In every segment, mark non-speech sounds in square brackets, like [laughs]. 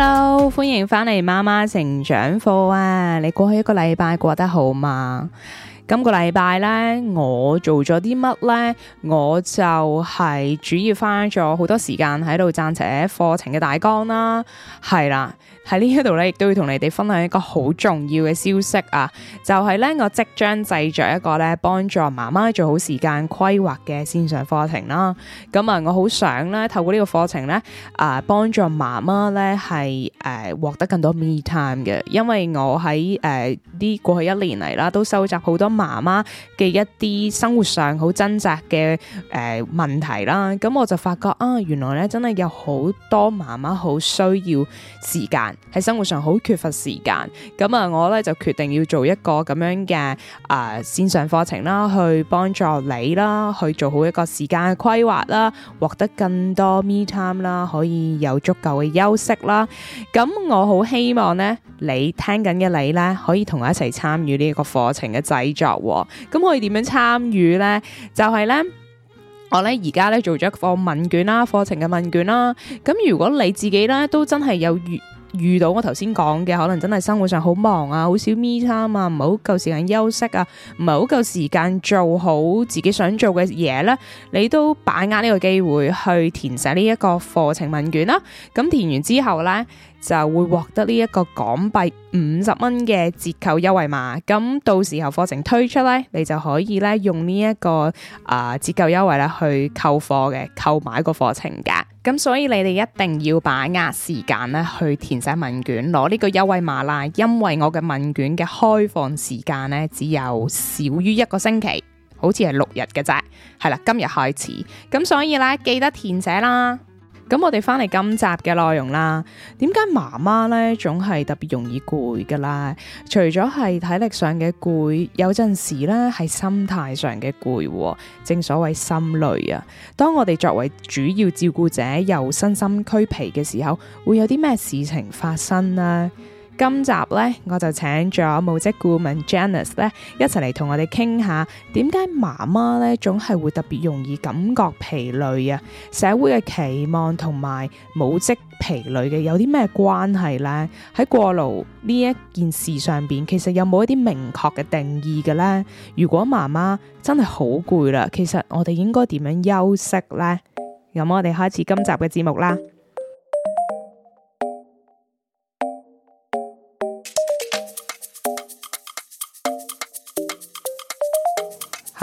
Hello，歡迎翻嚟媽媽成長課啊！你過去一個禮拜過得好嘛？今個禮拜呢，我做咗啲乜呢？我就係主要花咗好多時間喺度撰寫課程嘅大綱、啊、啦，係啦。喺呢一度咧，亦都要同你哋分享一個好重要嘅消息啊！就係、是、咧，我即將製作一個咧，幫助媽媽做好時間規劃嘅綫上課程啦。咁、嗯、啊，我好想咧，透過個課呢個課程咧，啊、呃，幫助媽媽咧係誒獲得更多 me time 嘅。因為我喺誒啲過去一年嚟啦，都收集好多媽媽嘅一啲生活上好掙扎嘅誒、呃、問題啦。咁、嗯、我就發覺啊，原來咧真係有好多媽媽好需要時間。喺生活上好缺乏時間，咁啊，我呢就決定要做一個咁樣嘅啊、呃、線上課程啦，去幫助你啦，去做好一個時間嘅規劃啦，獲得更多 me time 啦，可以有足夠嘅休息啦。咁我好希望呢，你聽緊嘅你呢，可以同我一齊參與呢一個課程嘅製作，喔。咁可以點樣參與呢？就係、是、呢，我呢而家呢做咗一個問卷啦，課程嘅問卷啦。咁如果你自己呢，都真係有遇到我頭先講嘅，可能真係生活上好忙啊，好少 me time 啊，唔係好夠時間休息啊，唔係好夠時間做好自己想做嘅嘢咧，你都把握呢個機會去填寫呢一個課程問卷啦。咁填完之後咧，就會獲得呢一個港幣五十蚊嘅折扣優惠碼。咁到時候課程推出咧，你就可以咧用呢、這、一個啊、呃、折扣優惠啦去購課嘅購買個課程噶。咁所以你哋一定要把握時間咧，去填寫問卷，攞呢個優惠碼啦。因為我嘅問卷嘅開放時間咧，只有少於一個星期，好似係六日嘅啫。係啦，今日開始，咁所以咧，記得填寫啦。咁我哋翻嚟今集嘅內容啦，點解媽媽咧總係特別容易攰噶啦？除咗係體力上嘅攰，有陣時咧係心態上嘅攰喎。正所謂心累啊！當我哋作為主要照顧者又身心俱疲嘅時候，會有啲咩事情發生呢？今集呢，我就請咗母職顧問 Janice 呢一齊嚟同我哋傾下，點解媽媽呢總係會特別容易感覺疲累啊？社會嘅期望同埋母職疲累嘅有啲咩關係呢？喺過勞呢一件事上邊，其實有冇一啲明確嘅定義嘅呢？如果媽媽真係好攰啦，其實我哋應該點樣休息呢？咁我哋開始今集嘅節目啦。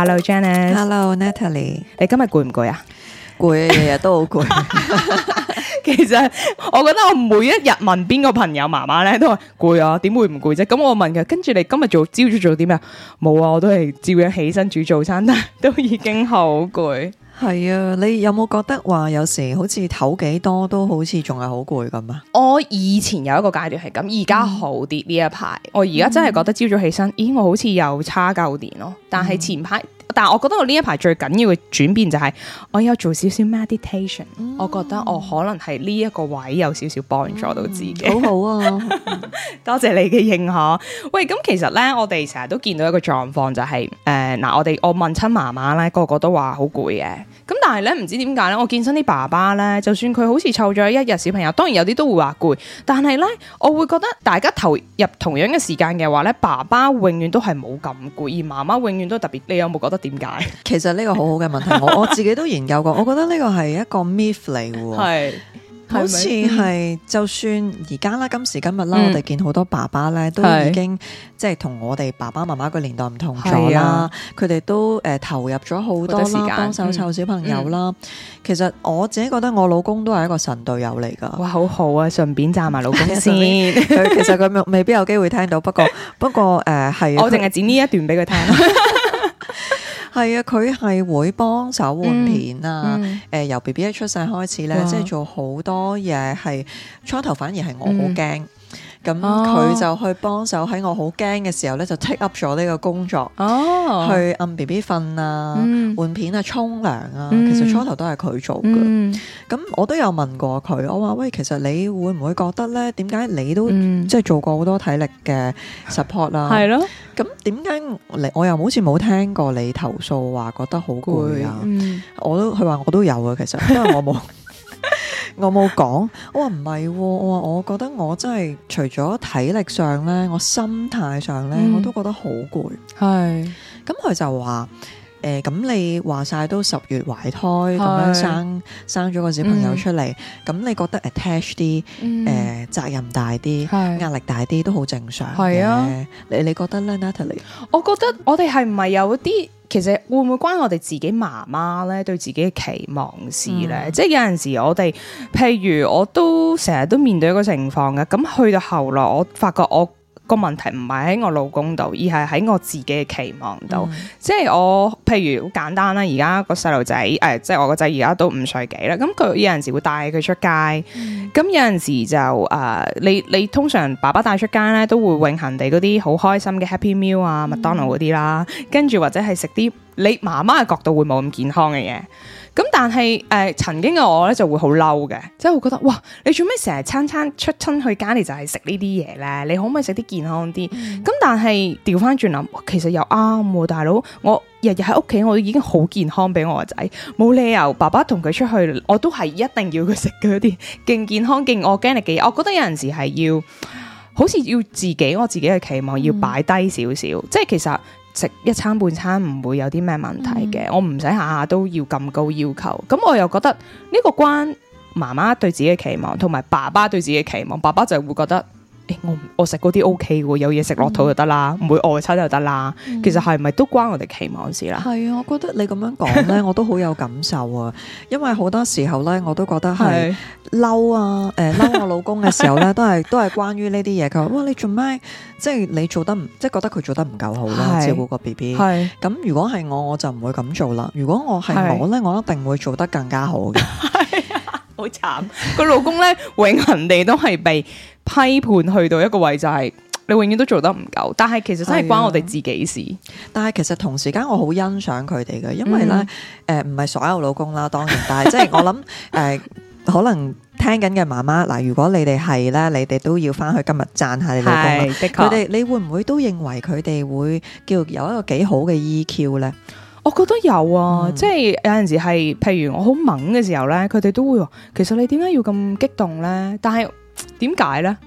Hello Janice，Hello Natalie，你今日攰唔攰啊？攰，日日都好攰。其實我覺得我每一日問邊個朋友媽媽咧，都話攰啊，點會唔攰啫？咁我問佢，跟住你今日做朝早做啲咩啊？冇啊，我都係照樣起身煮早餐，都都已經好攰。係 [laughs] 啊，你有冇覺得話有時好似唞幾多都好似仲係好攰咁啊？我以前有一個階段係咁，而家好啲呢一排。嗯、我而家真係覺得朝早起身，咦，我好似又差夠電咯。但係前排、嗯。但我覺得我呢一排最緊要嘅轉變就係我有做少少 meditation，嗯、我覺得我可能係呢一個位有少少幫助到自己。好、嗯、好啊，嗯、 [laughs] 多謝你嘅認可。喂，咁其實呢，我哋成日都見到一個狀況就係、是，誒、呃、嗱、呃，我哋我問親媽媽呢，個個都話好攰嘅。咁但係咧，唔知點解咧？我見親啲爸爸咧，就算佢好似湊咗一日小朋友，當然有啲都會話攰。但係咧，我會覺得大家投入同樣嘅時間嘅話咧，爸爸永遠都係冇咁攰，而媽媽永遠都特別。你有冇覺得點解？其實呢個好好嘅問題，我 [laughs] 我自己都研究過。我覺得呢個係一個 myth 嚟喎。係。 [laughs] 好似係，就算而家啦，今時今日啦，嗯、我哋見好多爸爸咧，都已經是即係同我哋爸爸媽媽個年代唔同咗啦。佢哋，啊，都誒，呃、投入咗好多時間啦，幫手湊小朋友啦。嗯嗯，其實我自己覺得我老公都係一個神隊友嚟噶。哇，好好啊！順便讚埋老公先。 [laughs] 其實佢未必有機會聽到，不過 [laughs] 不過誒，係，呃、我淨係剪呢一段俾佢聽。 [laughs] [laughs] 係啊，佢係會幫手換片啊，嗯嗯呃，由 B B 一出世開始呢，哇即做好多嘢係初頭，反而係我好驚。嗯咁佢就去幫手喺我好驚嘅時候咧，就 take up 咗呢個工作，哦、去按 B B 瞓啊、換、嗯、片啊、沖涼啊，嗯、其實初頭都係佢做㗎。咁、嗯、我都有問過佢，我話喂，其實你會唔會覺得咧？點解你都、嗯、即係做過好多體力嘅 support 啦、啊？係咯是的。咁點解你我又好似冇聽過你投訴話覺得好攰啊？嗯、我都佢話我都有啊。其實因為我冇。 [laughs] 我冇講，我話唔係喎，我話我覺得我真係除咗體力上咧，我心態上咧，嗯，我都覺得好攰。係，咁佢就話。誒咁、呃、你話晒都十月懷胎咁是樣生生咗個小朋友出嚟，咁、嗯、你覺得 attach 啲誒責任大啲，是壓力大啲都好正常。係啊，你你覺得咧，Natalie？我覺得我哋係唔係有啲其實會唔會關我哋自己媽媽咧對自己嘅期望事咧？嗯、即係有陣時我哋譬如我都成日都面對一個情況嘅，咁去到後來我發覺我。個問題唔係喺我老公度，而係喺我自己嘅期望度。嗯、即係我，譬如好簡單啦，而家個細路仔誒，即係我個仔，而家都五歲幾啦。咁佢有陣時會帶佢出街，咁、嗯、有陣時就誒、呃，你你通常爸爸帶出街咧，都會永恆地嗰啲好開心嘅 Happy Meal 啊、麥當勞嗰啲啦，跟住、嗯、或者係食啲你媽媽嘅角度會冇咁健康嘅嘢。咁但係，誒、呃、曾經嘅我咧就會好嬲嘅，即係會覺得哇，你做咩成日餐餐出親去家喱就係食呢啲嘢咧？你可唔可以食啲健康啲？咁、嗯、但係調翻轉諗，其實又啱喎、啊，大佬，我日日喺屋企，我已經好健康，俾我個仔冇理由，爸爸同佢出去，我都係一定要佢食嗰啲勁健康、勁我驚你嘅嘢。我覺得有陣時係要，好似要自己我自己嘅期望要擺低少少，嗯嗯、即係其實。食一餐半餐唔會有啲咩問題嘅，嗯、我唔使下下都要咁高要求。咁我又覺得呢、呢個關媽媽對自己嘅期望同埋爸爸對自己嘅期望，爸爸就會覺得。欸、我食嗰啲 O K 喎，有嘢食落肚就得啦，唔、嗯、會餓親就得啦。其實係咪都關我哋期望事啦？係啊、嗯，我覺得你咁樣講呢，我都好有感受啊。 [laughs] 因為好多時候呢，我都覺得係嬲啊，誒、呃，嬲我老公嘅時候呢， [laughs] 都係都係關於呢啲嘢。佢話哇，你做咩？即係你做得唔，即係覺得佢做得唔夠好啦， [laughs] 是照顧個 B B 是。咁，如果係我，我就唔會咁做啦。如果我係我呢是，我一定會做得更加好嘅。 [laughs] [laughs] [laughs] 好慘，個老公呢，永恆地都係被。批判去到一個位置就係、是、你永遠都做得唔夠。但係其實真係關我哋自己事。啊、但係其實同時間我好欣賞佢哋嘅，因為咧誒唔係所有老公啦，當然， [laughs] 但係即係我諗誒、呃、可能聽緊嘅媽媽嗱，如果你哋係咧，你哋都要翻去今日讚下你老公啊。的確，佢哋你會唔會都認為佢哋會叫有一個幾好嘅 EQ 咧？我覺得有啊，嗯、即係有陣時係譬如我好猛嘅時候咧，佢哋都會話其實你點解要咁激動咧？但係。點解呢？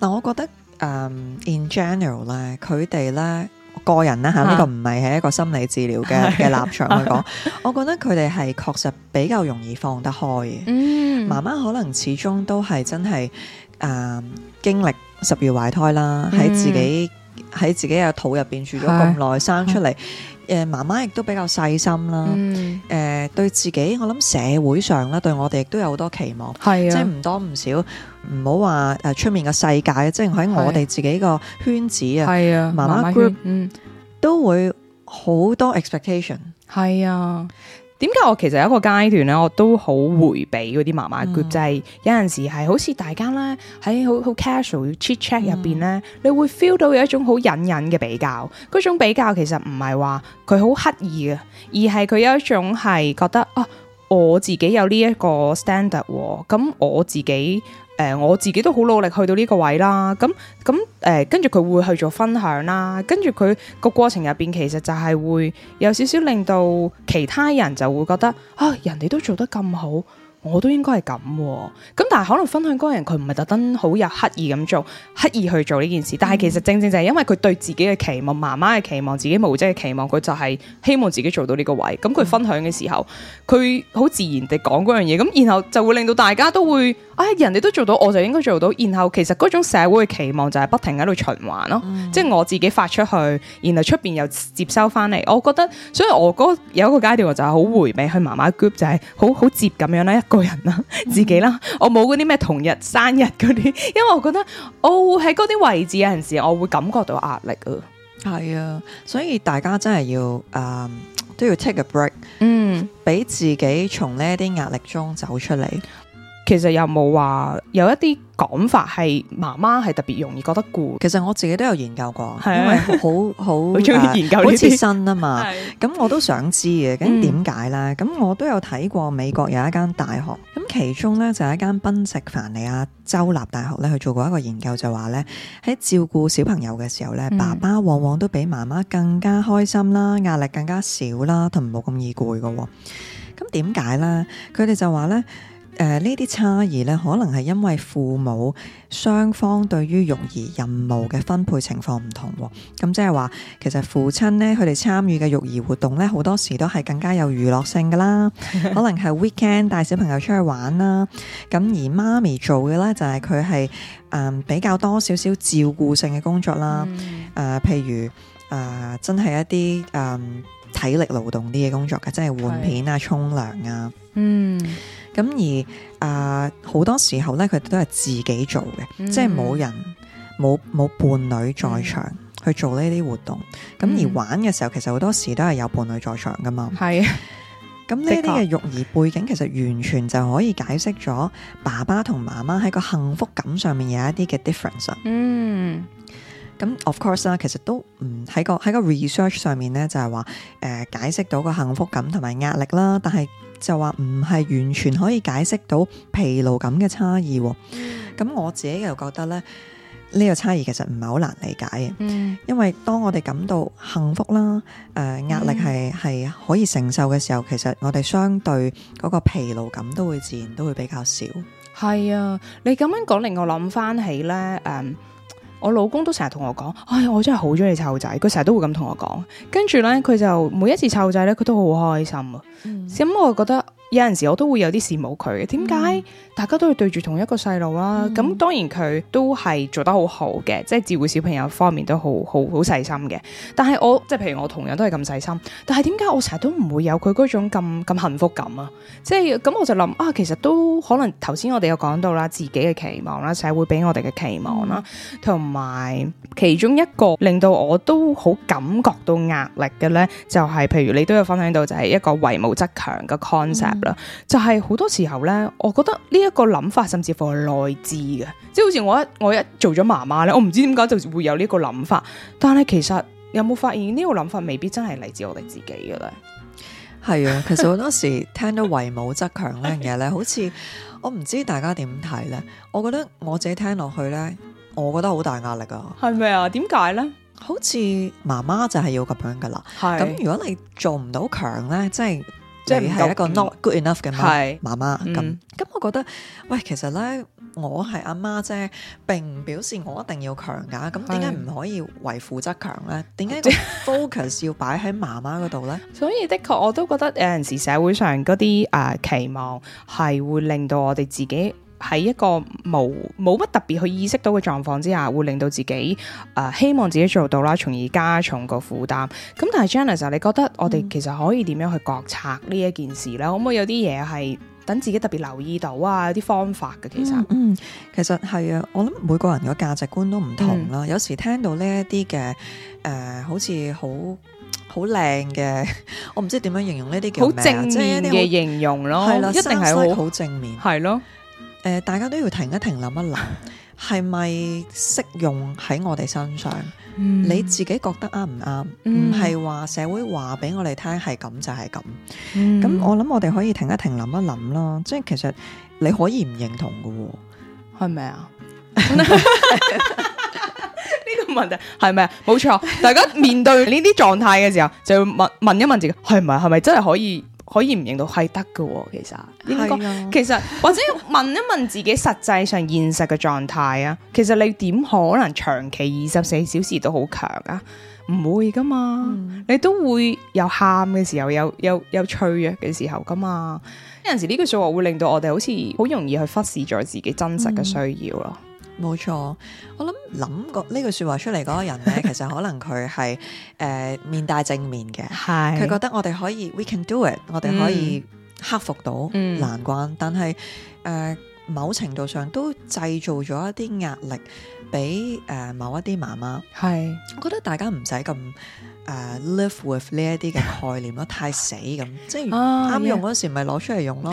嗱，我覺得誒、呃、in general 咧，佢哋咧個人啦，吓，呢、啊、個唔係係一個心理治療嘅嘅立場去講。是 [laughs] 我覺得佢哋係確實比較容易放得開嘅。媽媽、嗯、可能始終都係真係誒、呃，經歷十月懷胎啦，喺、嗯、自己喺自己嘅肚入邊住咗咁耐，是生出嚟。誒、嗯，媽媽亦都比較細心啦。誒、嗯。嗯誒，對自己，我諗社會上咧，對我哋亦都有好多期望，係啊，即係唔多唔少，唔好話誒，出面嘅世界，即係喺我哋自己個圈子啊，係啊，媽媽 group，媽媽圈，嗯，都會好多 expectation，係啊。點解我其實有一個階段咧，我都回、嗯、好迴避嗰啲麻麻嘅，就係有陣時係好似大家咧喺好好 casual chat chat 入邊咧，面呢嗯、你會 feel 到有一種好隱隱嘅比較，嗰種比較其實唔係話佢好刻意嘅，而係佢有一種係覺得哦、啊，我自己有呢一個 standard，咁、啊、我自己。誒、呃、我自己都好努力去到呢個位啦，咁咁誒跟住佢會去做分享啦，跟住佢個過程入邊其實就係會有少少令到其他人就會覺得，啊，人哋都做得咁好。我都應該係咁、哦，咁但係可能分享嗰個人佢唔係特登好有刻意咁做，刻意去做呢件事。但係其實正正就係因為佢對自己嘅期望、媽媽嘅期望、自己母職嘅期望，佢就係希望自己做到呢個位。咁佢分享嘅時候，佢好、嗯、自然地講嗰樣嘢，咁然後就會令到大家都會啊、哎，人哋都做到，我就應該做到。然後其實嗰種社會嘅期望就係不停喺度循環咯、哦，即係、嗯、我自己發出去，然後出面又接收返嚟。我覺得，所以我嗰個有一個階段就係好回味去媽媽 group，就係好好接咁樣咧。個人啦，自己啦，嗯、我冇嗰啲咩同日生日嗰啲，因為我覺得我會喺嗰啲位置有陣時我會感覺到壓力啊，係啊，所以大家真係要誒、呃，都要 take a break，嗯，俾自己從呢啲壓力中走出嚟。其實有冇話有，有一啲講法係媽媽係特別容易覺得攰。其實我自己都有研究過，因啊，好好好中意研究呢啲新啊嘛。咁 [laughs] 的我都想知嘅，咁點解呢？咁、嗯、我都有睇過美國有一間大學，咁、嗯、其中呢就係、是、一間賓夕凡尼亞州立大學呢去做過一個研究就，就話呢喺照顧小朋友嘅時候呢，嗯、爸爸往往都比媽媽更加開心啦，壓力更加少啦，同唔冇咁易攰㗎。咁點解呢？佢哋就話呢。誒呢啲差異咧，可能係因為父母雙方對於育兒任務嘅分配情況唔同喎。咁即係話，其實父親咧佢哋參與嘅育兒活動咧，好多時都係更加有娛樂性噶啦。 [laughs] 可能係 weekend 帶小朋友出去玩啦。咁而媽咪做嘅咧，就係佢係誒比較多少少照顧性嘅工作啦。誒、嗯呃，譬如誒、呃，真係一啲誒、呃、體力勞動啲嘅工作嘅，即係換片對啊、沖涼啊，嗯。咁而啊，呃、好多時候咧，佢哋都係自己做嘅，嗯、即係冇人冇冇伴侶在場去做呢啲活動。咁、嗯、而玩嘅時候，其實好多時都係有伴侶在場㗎嘛。係是。咁呢啲嘅育兒背景其實完全就可以解釋咗爸爸同媽媽喺個幸福感上面有一啲嘅 difference。嗯。咁 of course 啦，其實都唔喺個喺個 research 上面咧，就係話誒解釋到個幸福感同埋壓力啦。但係，就話唔係完全可以解釋到疲勞感嘅差異，咁、嗯、我自己又覺得咧，呢、呢個差異其實唔係好難理解嘅，嗯、因為當我哋感到幸福啦，誒、呃、壓力係係可以承受嘅時候，嗯、其實我哋相對嗰個疲勞感都會自然都會比較少。係啊，你咁樣講令我諗翻起咧，誒、um,。我老公都成日同我講，唉，我真係好鍾意湊仔，佢成日都會咁同我講。跟住呢，佢就每一次湊仔呢，佢都好開心啊。咁、嗯、我就覺得。有陣時我都會有啲羨慕佢嘅。點解、嗯、大家都要對住同一個細路啦？咁、嗯、當然佢都係做得好好嘅，即係照顧小朋友方面都好好好細心嘅。但係我即係譬如我同樣都係咁細心，但係點解我成日都唔會有佢嗰種咁咁幸福感啊？即係咁我就諗啊，其實都可能頭先我哋有講到啦，自己嘅期望啦，社會俾我哋嘅期望啦，同埋其中一個令到我都好感覺到壓力嘅呢，就係、是、譬如你都有分享到就係一個為母則強嘅 concept、嗯。就係好多時候咧，我覺得呢一個諗法甚至乎係內置嘅，即係好似我一我一做咗媽媽咧，我唔知點解就會有呢個諗法，但係其實有冇發現呢個諗法未必真係嚟自我哋自己嘅咧？係啊，其實好多時聽到為母則強呢啲嘢咧，好似我唔知大家點睇咧，我覺得我自己聽落去咧，我覺得好大壓力啊，係咪啊？點解咧？好似媽媽就係要咁樣噶啦，咁是如果你做唔到強咧，即係。即係一個 not good enough 嘅媽媽，咁咁，我覺得喂，其實咧，我係阿媽啫，並唔表示我一定要強噶，咁點解唔可以為父則強咧？點解 focus 要擺喺媽媽嗰度咧？ [laughs] 所以的確，我都覺得有陣時社會上嗰啲誒期望，係會令到我哋自己。喺一個冇冇乜特別去意識到嘅狀況之下，會令到自己啊、呃、希望自己做到啦，從而加重個負擔。咁但係 Janice 就你覺得我哋其實可以點樣去覺察呢一件事咧？可唔可以有啲嘢係等自己特別留意到啊？有啲方法嘅其實，嗯，其實係啊，我諗每個人嘅價值觀都唔同啦。嗯、有時聽到呢一啲嘅誒，好似好好靚嘅，我唔知點樣形容呢啲叫咩啊？即係好正面嘅形容咯，係啦，啦，一定係好好正面，係咯。誒、呃，大家都要停一停，諗一諗，係咪適用喺我哋身上？嗯、你自己覺得啱唔啱？唔係話社會話俾我哋聽係咁就係咁。咁、嗯、我諗我哋可以停一停，諗一諗啦。即係其實你可以唔認同嘅，係咪啊？呢個問題係咪啊？冇錯，錯 [laughs] 大家面對呢啲狀態嘅時候，就要問問一問自己，係咪係咪真係可，可以？可以唔認到係得嘅，其實應該是、啊、其實或者問一問自己實際上現實嘅狀態啊， [laughs] 其實你點可能長期二十四小時都好強啊？唔會噶嘛，嗯、你都會有喊嘅時候，有有有脆弱嘅時候噶嘛。有陣時呢個說話會令到我哋好似好容易去忽視咗自己真實嘅需要咯。嗯嗯.冇錯，我諗諗過呢句説話出嚟嗰個人咧， [laughs] 其實可能佢係誒面帶正面嘅，佢是覺得我哋可以，we can do it，嗯、我哋可以克服到難關。嗯、但係誒、呃、某程度上都製造咗一啲壓力俾誒、呃、某一啲媽媽。係是，我覺得大家唔使咁誒 live with 呢一啲嘅概念咯， [laughs] 太死咁。即係啱用嗰時咪攞出嚟用咯。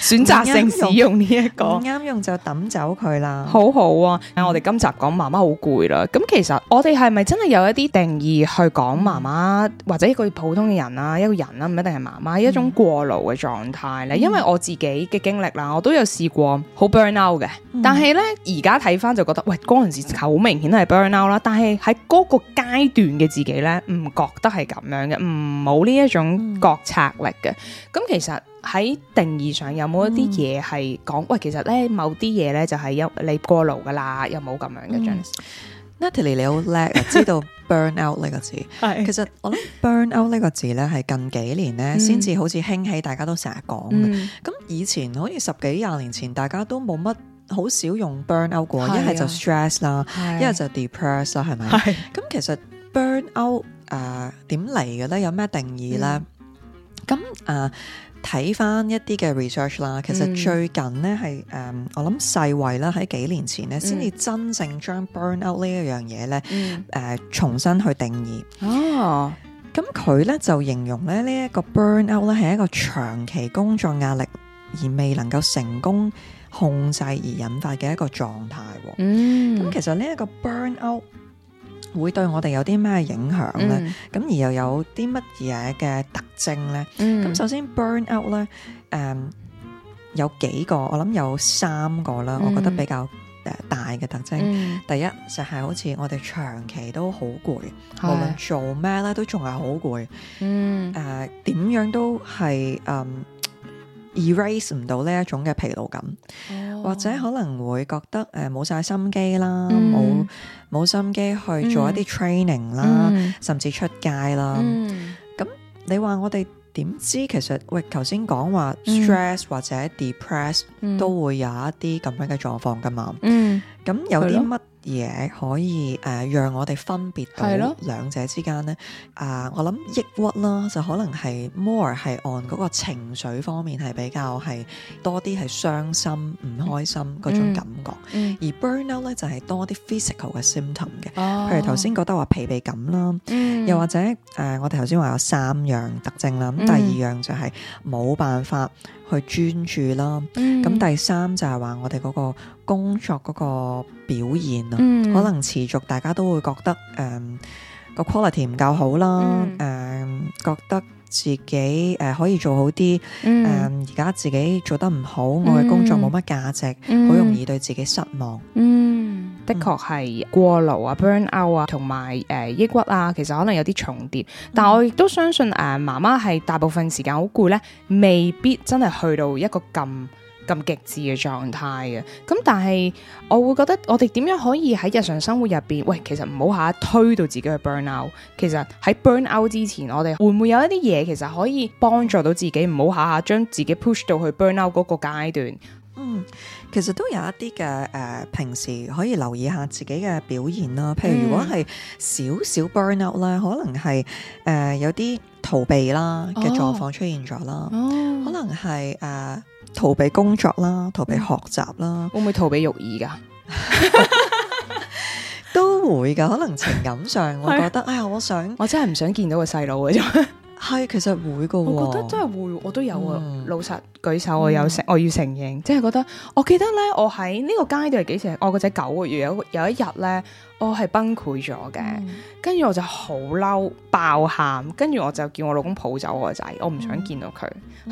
選擇性使用呢、這、一個唔啱用，用就抌走佢啦，好好啊！嗯、我哋今集講媽媽好攰啦，咁其實我哋係咪真係有一啲定義去講媽媽或者一個普通嘅人啦、啊，一個人啦、啊，唔一定係媽媽，一種過勞嘅狀態咧。嗯、因為我自己嘅經歷啦，我都有試過好 burn out 嘅。嗯、但係咧而家睇翻就覺得，喂，嗰陣時好明顯係 burn out 啦，但係喺嗰個階段嘅自己咧，唔覺得係咁樣嘅，唔冇呢一種覺察力嘅，咁、嗯、其實。喺定義上有冇一啲嘢係講，喂，其實咧某啲嘢咧就係有你過勞噶啦，有冇咁樣嘅？Janice，Natalie，你好叻啊！知道 burn out 呢個字，係其實我諗 burn out 呢個字咧係近幾年咧先至好似興起，大家都成日講嘅。咁以前好似十幾廿年前，大家都冇乜好少用 burn out 過，一係就 stress 啦，一係就 depress 啦，係咪？咁其實 burn out 誒點嚟嘅咧？有咩定義咧？咁啊，睇翻、嗯呃、一啲嘅 research 啦，其實最近咧係誒，我諗世衛啦喺幾年前咧先至真正將 burn out 呢一樣嘢咧誒重新去定義。哦、啊，咁佢咧就形容咧呢一個 burn out 咧係一個長期工作壓力而未能夠成功控制而引發嘅一個狀態。嗯，咁其實呢一個 burn out，會對我哋有啲咩影響咧？咁、嗯、而又有啲乜嘢嘅特徵咧？咁、嗯、首先 burn out 咧、呃，誒有幾個，我諗有三個啦，我覺得比較誒大嘅特徵。嗯、第一就係、是、好似我哋長期都好攰，嗯、無論做咩咧都仲係好攰。嗯、呃，誒點樣都係誒、呃、erase 唔到呢一種嘅疲勞感。或者可能會覺得誒冇晒心機啦，冇冇、嗯、心機去做一啲 training 啦，嗯、甚至出街啦。咁、嗯、你話我哋點知？其實喂，頭先講話 stress 或者 depressed、嗯、都會有一啲咁樣嘅狀況噶嘛。咁、嗯、有啲乜？嘢可以誒、呃，讓我哋分別到的兩者之間咧。啊、呃，我諗抑鬱啦，就可能係 more 係按嗰個情緒方面係比較係多啲係傷心唔、嗯、開心嗰種感覺。嗯嗯、而 burnout 咧就係、是、多啲 physical 嘅 symptom 嘅，哦、譬如頭先覺得話疲憊感啦，嗯、又或者誒、呃，我哋頭先話有三樣特徵啦，咁、嗯、第二樣就係冇辦法。去專注啦，咁、嗯、第三就係話我哋嗰個工作嗰個表現啊，嗯、可能持續大家都會覺得誒、呃、個 quality 唔夠好啦，誒、嗯、呃、覺得自己誒、呃、可以做好啲，誒而家自己做得唔好，嗯、我嘅工作冇乜價值，好、嗯、容易對自己失望。嗯嗯的確係過勞啊、burn out 啊，同埋誒抑鬱啊，其實可能有啲重疊。但我亦都相信誒、呃、媽媽係大部分時間好攰咧，未必真係去到一個咁咁極致嘅狀態嘅。咁但係我會覺得我哋點樣可以喺日常生活入邊，喂，其實唔好下推到自己去 burn out。其實喺 burn out 之前，我哋會唔會有一啲嘢其實可以幫助到自己，唔好下下將自己 push 到去 burn out 嗰個階段？嗯。其實都有一啲嘅誒，平時可以留意下自己嘅表現咯。譬如如果係少少 burn out 咧、呃哦，可能係誒有啲逃避啦嘅狀況出現咗啦。可能係誒逃避工作啦，逃避學習啦。會唔會逃避育兒噶？ [laughs] [laughs] 都會噶，可能情感上我覺得，的哎呀，我想，我真係唔想見到個細路啊！咁。 [laughs] 係，其實會噶。我覺得真係會，我都有啊。嗯、老實舉手，我有我要承認，嗯、即係覺得我記得咧，我喺呢個階段係幾時？我個仔九個月，有有一日咧，我係崩潰咗嘅。跟住、嗯、我就好嬲、爆喊，跟住我就叫我老公抱走我個仔，我唔想見到佢。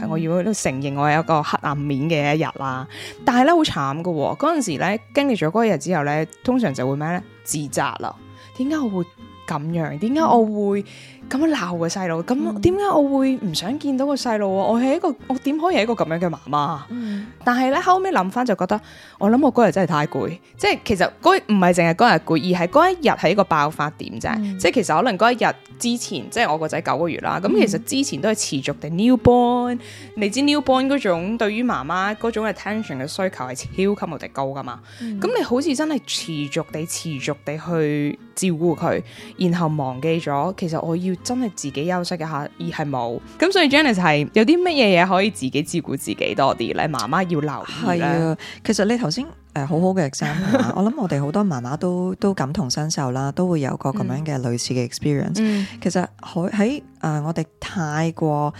係、嗯、我要都承認我有一個黑暗面嘅一日啦。但係咧好慘噶，嗰陣時咧經歷咗嗰日之後咧，通常就會咩咧，自責啦。點解我會咁樣？點解我，我會？嗯咁樣鬧個細路，咁點解我會唔想見到個細路、啊、我係一個，我點可以係一個咁樣嘅媽媽？嗯、但係咧後尾諗翻就覺得，我諗我嗰日真係太攰，即係其實嗰日唔係淨係嗰日攰，而係嗰一日係一個爆發點啫。嗯、即係其實可能嗰一日之前，即係我個仔九個月啦，咁、嗯、其實之前都係持續地 newborn，你知 newborn 嗰種對於媽媽嗰種 attention 嘅需求係超級無敵高噶嘛？咁、嗯、你好似真係持續地持續地去照顧佢，然後忘記咗其實我要。真係自己休息一下，而係冇咁，所以 Janice 係有啲乜嘢嘢可以自己照顧自己多啲咧？媽媽要留意咧。係啊，其實你頭先誒好好嘅 example， [laughs] 我諗我哋好多媽媽都都感同身受啦，都會有個咁樣嘅類似嘅 experience。嗯嗯、其實喺喺誒我哋太過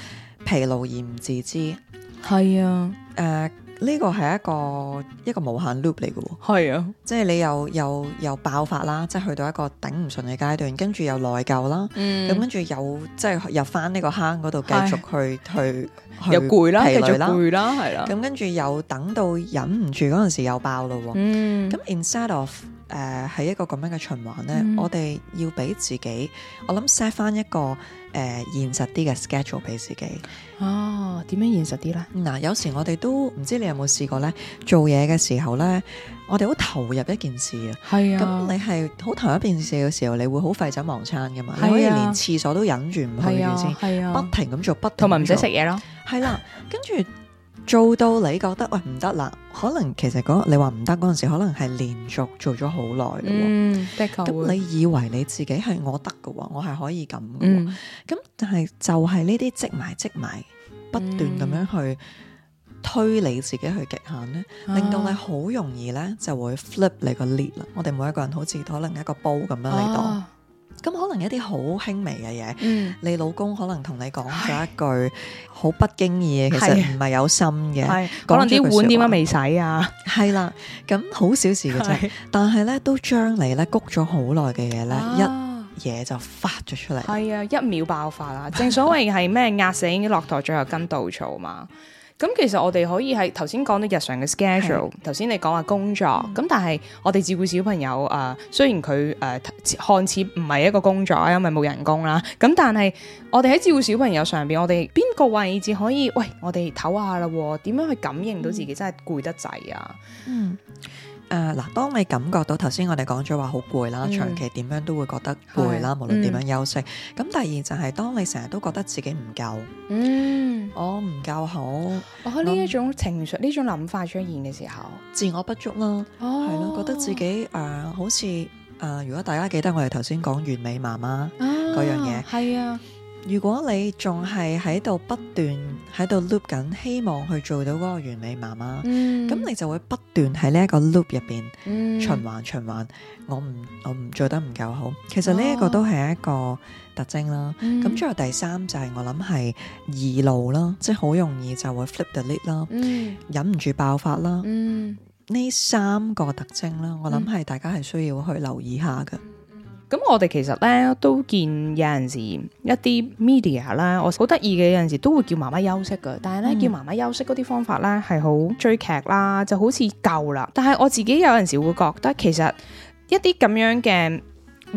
疲勞而唔自知，係啊誒。呃呢個係一個一個無限 loop 嚟嘅喎，係啊，即係你又又又爆發啦，即係去到一個頂唔順嘅階段，跟住又內疚啦，咁跟住又即係又翻呢個坑嗰度繼續去唉去，去去又攰啦，繼續攰啦，係啦、啊，咁跟住又等到忍唔住嗰陣時又爆啦喎，咁 inside of 誒，喺、uh, 一個咁樣嘅循環咧，嗯、我哋要俾自己，我諗 set 翻一個誒、呃、現實啲嘅 schedule 俾自己。哦、啊，點樣現實啲咧？嗱、啊，有時我哋都唔知你有冇試過咧，做嘢嘅時候咧，我哋好投入一件事是啊。係啊。咁你係好投入一件事嘅時候，你會好廢寢忘餐嘅嘛？可以是、啊、連廁所都忍住唔去先，係啊，啊不停咁做，不停同埋唔使食嘢咯。係啦， [laughs] [laughs] 跟住。做到你覺得喂唔得啦，可能其實你話唔得嗰陣時，可能係連續做咗好耐咯。嗯，的確會。咁你以為你自己係我得嘅喎，我係可以咁嘅。嗯。咁但係就係呢啲積埋積埋，不斷咁樣去推你自己去極限咧，嗯、令到你好容易咧就會 flip 你個裂啦。啊、我哋每一個人好似可能一個煲咁樣嚟當。啊咁可能一啲好輕微嘅嘢，嗯、你老公可能同你講咗一句好是不經意嘅，其實唔係有心嘅，是可能啲碗點解未洗啊？係啦，咁好小事嘅啫，但係咧都將你咧谷咗好耐嘅嘢咧，一嘢就發咗出嚟。係啊，一秒爆發啊！ [laughs] 正所謂係咩？壓死駱駝，最後根稻草嘛。咁其實我哋可以係頭先講到日常嘅 schedule，頭先你講下工作，咁、嗯、但係我哋照顧小朋友誒、呃，雖然佢誒、呃、看似唔係一個工作，因為冇人工啦，咁但係我哋喺照顧小朋友上邊，我哋邊個位置可以喂我哋唞下啦，點樣去感應到自己、嗯、真係攰得滯啊？嗯。啊嗱、呃，當你感覺到頭先我哋講咗話好攰啦，嗯、長期點樣都會覺得攰啦，是無論點樣休息。咁、嗯、第二就係、是、當你成日都覺得自己唔夠，嗯，我唔夠好，呢一種情緒、呢我種諗法出現嘅時候，自我不足咯，係咯、哦，覺得自己誒、呃、好似誒、呃，如果大家記得我哋頭先講完美媽媽嗰樣嘢，係啊。如果你仲係喺度不斷喺度 loop 緊，希望去做到嗰個完美媽媽，咁、嗯、你就會不斷喺呢一個 loop 入邊循環、嗯、循環。我唔我唔做得唔夠好，其實呢一個都係一個特徵啦。咁最後、哦嗯、第三就係、是、我諗係易怒啦，即係好容易就會 flip the lid 啦、嗯，忍唔住爆發啦。呢、嗯、三個特徵啦，我諗係、嗯、大家係需要去留意下嘅。咁我哋其實咧都見有陣時一啲 media 啦，我好得意嘅有陣時都會叫媽媽休息㗎，但係咧、嗯、叫媽媽休息嗰啲方法咧係好追劇啦，就好似夠啦。但係我自己有陣時會覺得其實一啲咁樣嘅。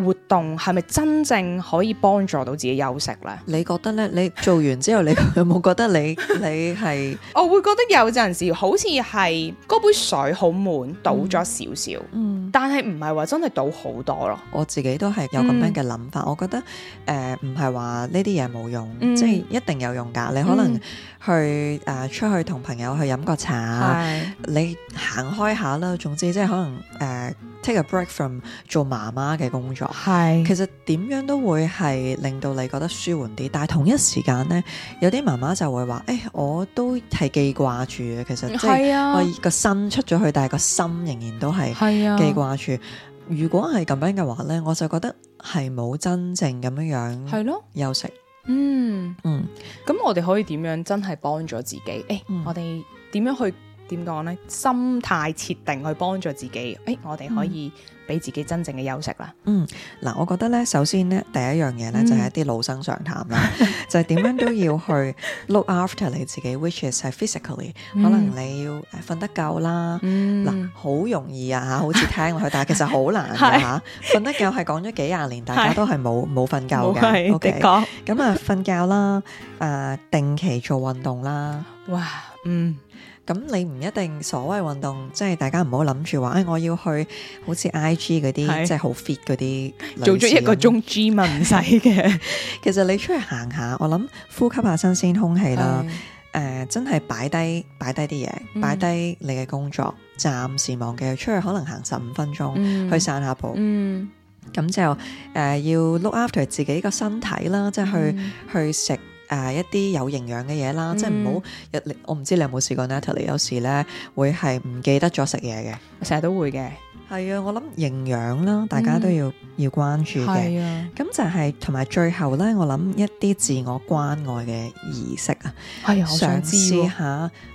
活動係咪真正可以幫助到自己休息呢？你覺得呢？你做完之後， [laughs] 你有冇覺得你你係？ [laughs] 我會覺得有陣時好似係嗰杯水好滿，倒咗少少，嗯嗯、但係唔係話真係倒好多咯。我自己都係有咁樣嘅諗法，嗯、我覺得誒，唔係話呢啲嘢冇用，嗯、即係一定有用噶。你可能。嗯去誒、呃，出去同朋友去飲個茶，是你行開下啦。總之即係可能誒、呃，take a break from 做媽媽嘅工作。係是其實點樣都會係令到你覺得舒緩啲，但係同一時間呢，有啲媽媽就會話：誒、欸，我都係記掛住嘅。其實即係個身出咗去，但係個心仍然都係係啊記掛住。如果係咁樣嘅話呢，我就覺得係冇真正咁樣樣係咯休息。嗯，嗯，咁我哋可以點樣真係幫咗自己？誒、欸，嗯、我哋點樣去？點講咧？心態設定去幫助自己，誒，我哋可以俾自己真正嘅休息啦、嗯。嗯，嗱，我覺得咧，首先咧，第一樣嘢咧就係、是、一啲老生常談啦， [laughs] 就係點樣都要去 look after 你自己，which is 係 physically，可能你要瞓、呃、得夠啦。嗱、嗯，好容易啊吓，好似聽落去，但係其實好難吓、啊，瞓 [laughs] 得夠係講咗幾廿年，大家都係冇冇瞓夠嘅。你講，咁啊 [laughs] Okay,、嗯，瞓覺啦，誒、呃，定期做運動啦。哇，嗯。咁你唔一定所謂運動，即、就、係、是、大家唔好諗住話，誒、哎，我要去好似 I G 嗰啲，即係好 fit 嗰啲，做咗一個鐘 g 咪唔使嘅。 [laughs] [laughs] 其實你出去行下，是、呃、下，我諗呼吸下新鮮空氣啦。誒，真係擺低擺低啲嘢，擺低你嘅工作，暫、嗯、時忘記，出去可能行十五分鐘、嗯、去散下步、嗯。嗯，咁就誒、呃、要 look after 自己個身體啦，即係去去食吃。誒、呃、一啲有營養嘅嘢啦，嗯、即係唔好日力，我唔知你有冇試過。Natalie 有時咧會係唔記得咗食嘢嘅，成日都會嘅。係啊，我諗營養啦，大家都要、嗯、要關注嘅。係啊的，咁就係同埋最後咧，我諗一啲自我關愛嘅儀式啊，係啊的，想試下，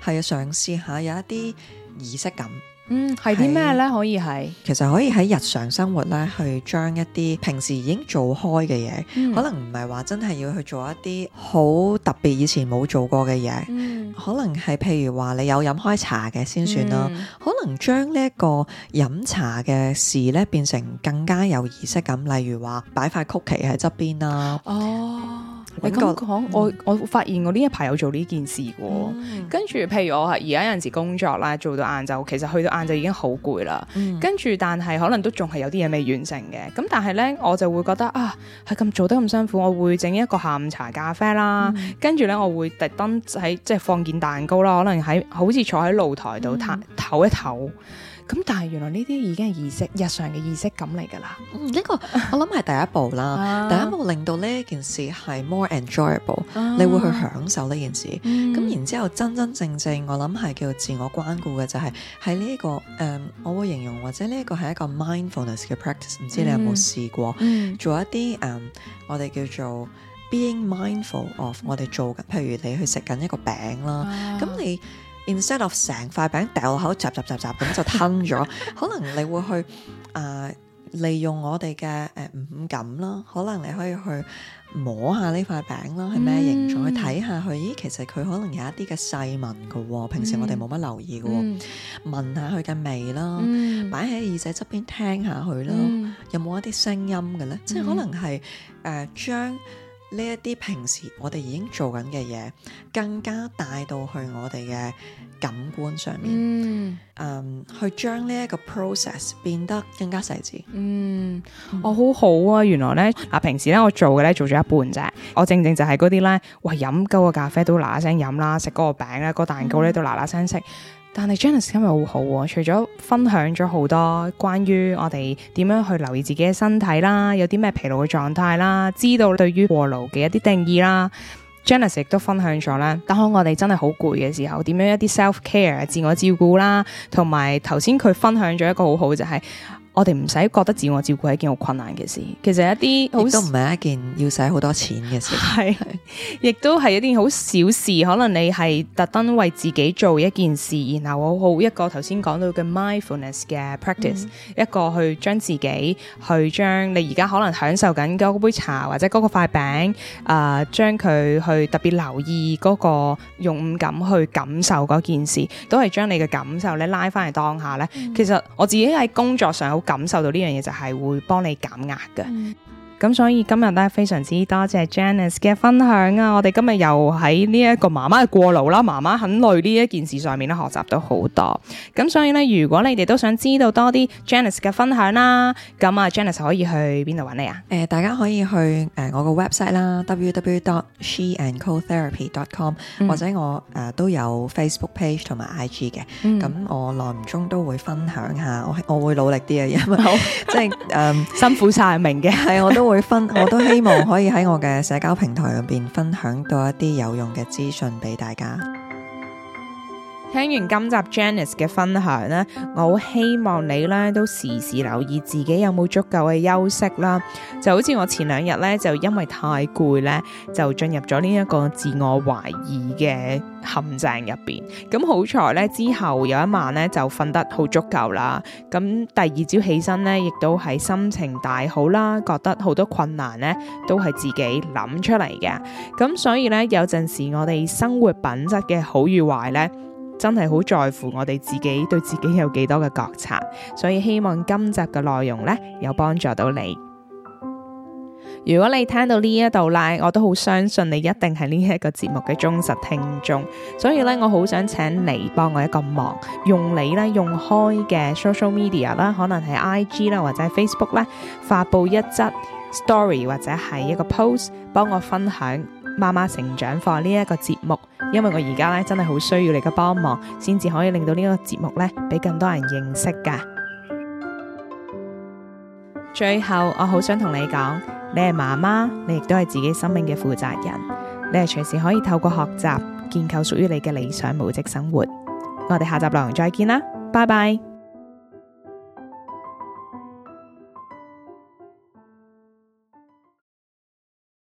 係啊，嘗試下有一啲儀式感。嗯，係啲咩呢？可以係，其實可以喺日常生活咧，去將一啲平時已經做開嘅嘢，嗯、可能唔係話真係要去做一啲好特別以前冇做過嘅嘢，嗯、可能係譬如話你有飲開茶嘅先算啦，嗯、可能將呢一個飲茶嘅事咧，變成更加有儀式感，例如話擺塊曲奇喺側邊啊。哦你咁講，嗯、我我發現我呢一排有做呢件事嘅，嗯、跟住譬如我係而家有陣時工作啦，做到晏晝，其實去到晏晝已經好攰啦，嗯、跟住但係可能都仲係有啲嘢未完成嘅，咁但係咧我就會覺得啊，係咁做得咁辛苦，我會整一個下午茶咖啡啦，嗯、跟住咧我會特登喺即係放件蛋糕啦，可能喺好似坐喺露台度唞一唞。嗯咁但係原來呢啲已經係意識日常嘅意識感嚟㗎啦。嗯，呢、這個 [laughs] 我諗係第一步啦。啊、第一步令到呢一件事係 more enjoyable，、啊、你會去享受呢件事。咁、嗯、然之後真真正正我諗係叫自我關顧嘅就係喺呢一個誒、嗯，我會形容或者呢一個係一個 mindfulness 嘅 practice，唔知你有冇試過、嗯、做一啲誒，um, 我哋叫做 being mindful of 我哋做緊，譬如你去食緊一個餅啦，咁、啊啊、你。Instead of 成塊餅掉落口，雜雜雜雜咁就吞咗， [laughs] 可能你會去啊、呃、利用我哋嘅誒五感啦，可能你可以去摸下呢塊餅啦，係咩、嗯、形狀？去睇下佢，咦，其實佢可能有一啲嘅細紋㗎喎，平時我哋冇乜留意嘅喎，嗯、聞下佢嘅味啦，擺喺、嗯、耳仔側邊聽下佢啦，嗯、有冇一啲聲音嘅咧？嗯、即係可能係誒將。呢一啲平時我哋已經做緊嘅嘢，更加帶到去我哋嘅感官上面，嗯，誒、嗯，去將呢一個 process 變得更加細緻。嗯，我好好啊，原來呢，嗱平時呢我做嘅呢，做咗一半啫，我正正就係嗰啲呢，喂飲夠嘅咖啡都嗱嗱聲飲啦，食嗰個餅咧，嗰個蛋糕咧都嗱嗱聲食。嗯但係 Janice 今日好好、啊、喎，除咗分享咗好多關於我哋點樣去留意自己嘅身體啦，有啲咩疲勞嘅狀態啦，知道對於過勞嘅一啲定義啦 Janice 亦都分享咗啦，當我哋真係好攰嘅時候，點樣一啲 self care 自我照顧啦，同埋頭先佢分享咗一個好好就係、是。我哋唔使覺得自我照顧係一件好困難嘅事，其實一啲好都唔係一件要使好多錢嘅事，係，亦都係一啲好小事。可能你係特登為自己做一件事，然後好好一個頭先講到嘅 mindfulness 嘅 practice，、嗯、一個去將自己去將你而家可能享受緊嗰杯茶或者嗰個塊餅，誒、呃，將佢去特別留意嗰個用五感去感受嗰件事，都係將你嘅感受咧拉翻嚟當下咧。嗯、其實我自己喺工作上好。感受到呢樣嘢就係會幫你減壓嘅。嗯咁所以今日咧，非常之多謝 Janice 嘅分享啊！我哋今日又喺呢一個媽媽嘅過勞啦，媽媽很累呢一件事上面咧學習到好多。咁所以咧，如果你哋都想知道多啲 Janice 嘅分享啦，咁啊 Janice 可以去邊度揾你啊？誒、呃、大家可以去誒我個 website 啦，www.sheandcotherapy.com，dot，嗯、或者我誒、呃、都有 Facebook page 同埋 IG 嘅。咁，嗯嗯嗯，我耐唔中都會分享下，我我會努力啲啊，因為好即係誒辛苦晒明嘅，係我都。會分，我都希望可以喺我嘅社交平台入邊分享到一啲有用嘅資訊俾大家。聽完今集 Janice 嘅分享呢，我好希望你咧，都時時留意自己有冇足夠嘅休息啦。就好似我前兩日咧，就因為太攰咧，就進入咗呢一個自我懷疑嘅陷阱入邊。咁、嗯、好彩咧，之後有一晚咧，就瞓得好足夠啦。咁、嗯、第二朝起身咧，亦都係心情大好啦，覺得好多困難咧都係自己諗出嚟嘅。咁、嗯、所以咧有陣時我哋生活品質嘅好與壞咧，真係好在乎我哋自己，對自己有幾多嘅覺察，所以希望今集嘅內容咧有幫助到你。如果你聽到呢一度啦，我都好相信你一定係呢一個節目嘅忠實聽眾，所以呢，我好想請你幫我一個忙，用你咧用開嘅 social media 啦，可能係 IG 啦或者係 Facebook 咧，發布一則 story 或者係一個 post，幫我分享。媽媽成長課呢一個節目，因為我而家咧真係好需要你嘅幫忙，先至可以令到呢一個節目咧俾更多人認識噶。 [noise] 最後，我好想同你講，你係媽媽，你亦都係自己生命嘅負責人，你係隨時可以透過學習建構屬於你嘅理想無職生活。我哋下集內容再見啦，拜拜。